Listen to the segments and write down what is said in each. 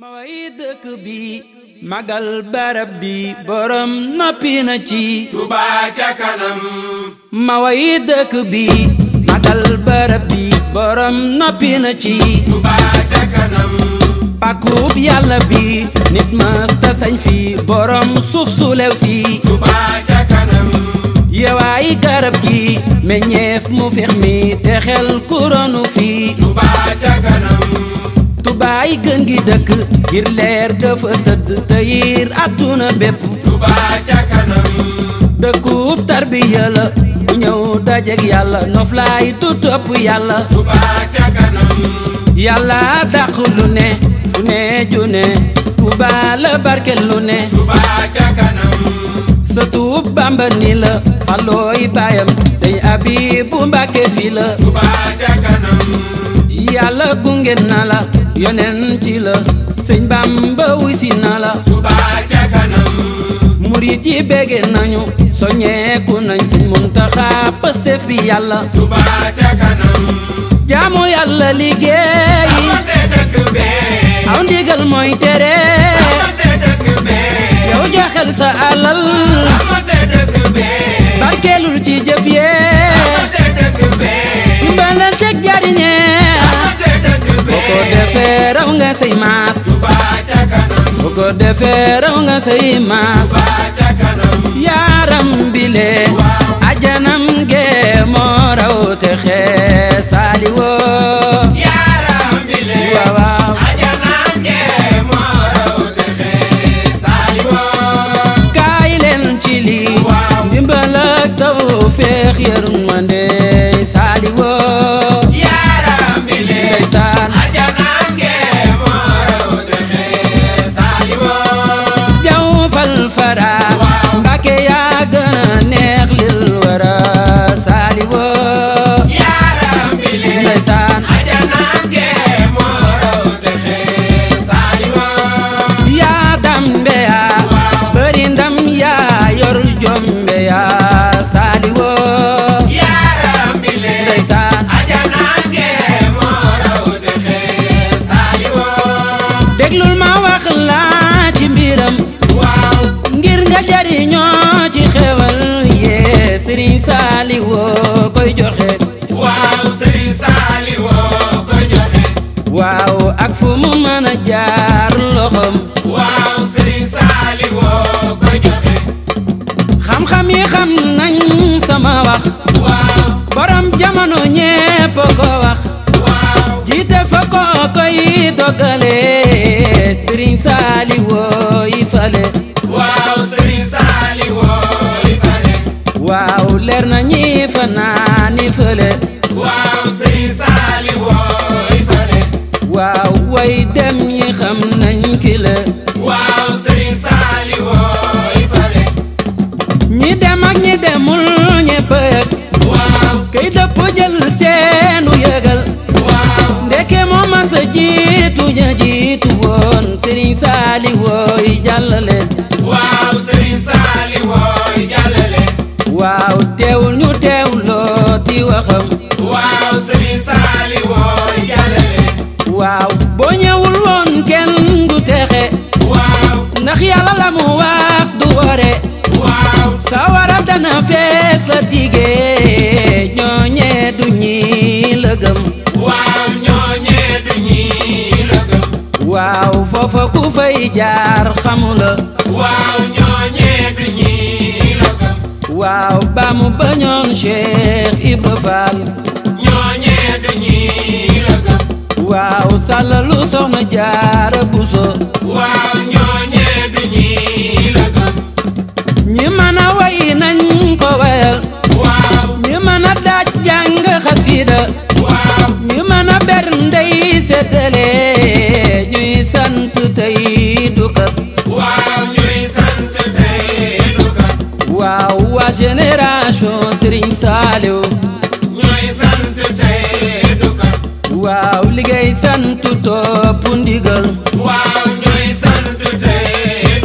ma way dëkk bi magal barab bi borom noppi na ci Touba ca kanam ma way dëkk bi magal barab bi borom noppi na ci Touba ca kanam pàkkub yàlla bi nit masta sañ fi borom suuf su lew si Touba ca kanam yewaay garab gi meññeef mu fex mi te xel kuronu fi Touba ca kanam tuubaay gën gi dëkk ngir ca kanam dëkkub tarbiya lu ne fu ne ju ne tuubaa la barke lu ne tuubaa ca kanam sa tuub bamba ni la fallooy baayam sëñ abi bu mbàkke fii la tuubaa ca kanam yàlla gunge na la yonent ci la sëñ Bamba wuy yàlla jaamu yàlla liggéey aw ndigal mooy tere sawante dëkk bee yow joxel sa alal sawante dëkk bee say maas. Touba ca kanam. bu ko defee raw nga say maas. Touba ca kanam. yaaram bile. waaw ajanam ge moo raw te xeesaali woo. yaaram bile. waaw waaw. ajanam ge moo raw te xeesaali woo. kaay leen ci lii. waaw ndimbal ak taw feex yarum. waaw ak fu mu mën a jaar waaw Serigne Saliou woo ko joxe xam-xam yi xam nañ sama wax waaw borom jamono ñépp ko wax waaw jiite fa koy dogale Serigne Saliou woo fale waaw Serigne Saliou woo fale waaw leer na ñi fa naani fale way dem yi xam nañ ki waaw sëriñ saali wooy fale ñi dem ak ñi demul ñépp waaw kay dëpp jël seenu yëgal waaw ndeke moo mas a jiitu ña jiitu woon sëriñ saali yàlla la mu wax du wore waaw sawara dana fees la digee ñooñe du ñi waaw ñooñe du ñi waaw foofa ku fay jaar xamu la waaw ñooñe du ñi waaw ba la gëm soxna jaara buso séddale ñuy sant tey du waaw ñuy sant tey du waaw waa génération Serigne Saliou ñuy sant tey du waaw liggéey sant topp ndigal waaw ñuy sant tey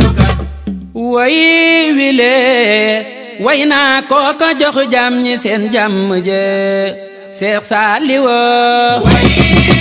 way wile way naa kooko jox jam ñi seen jàmm je Cheikh Saliou way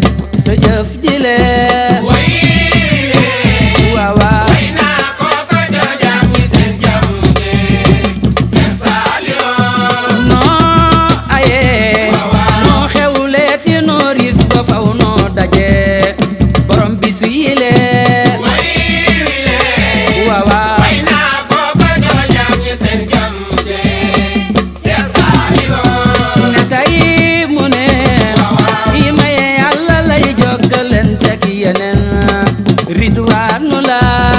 تجف جلي ¡Gracias!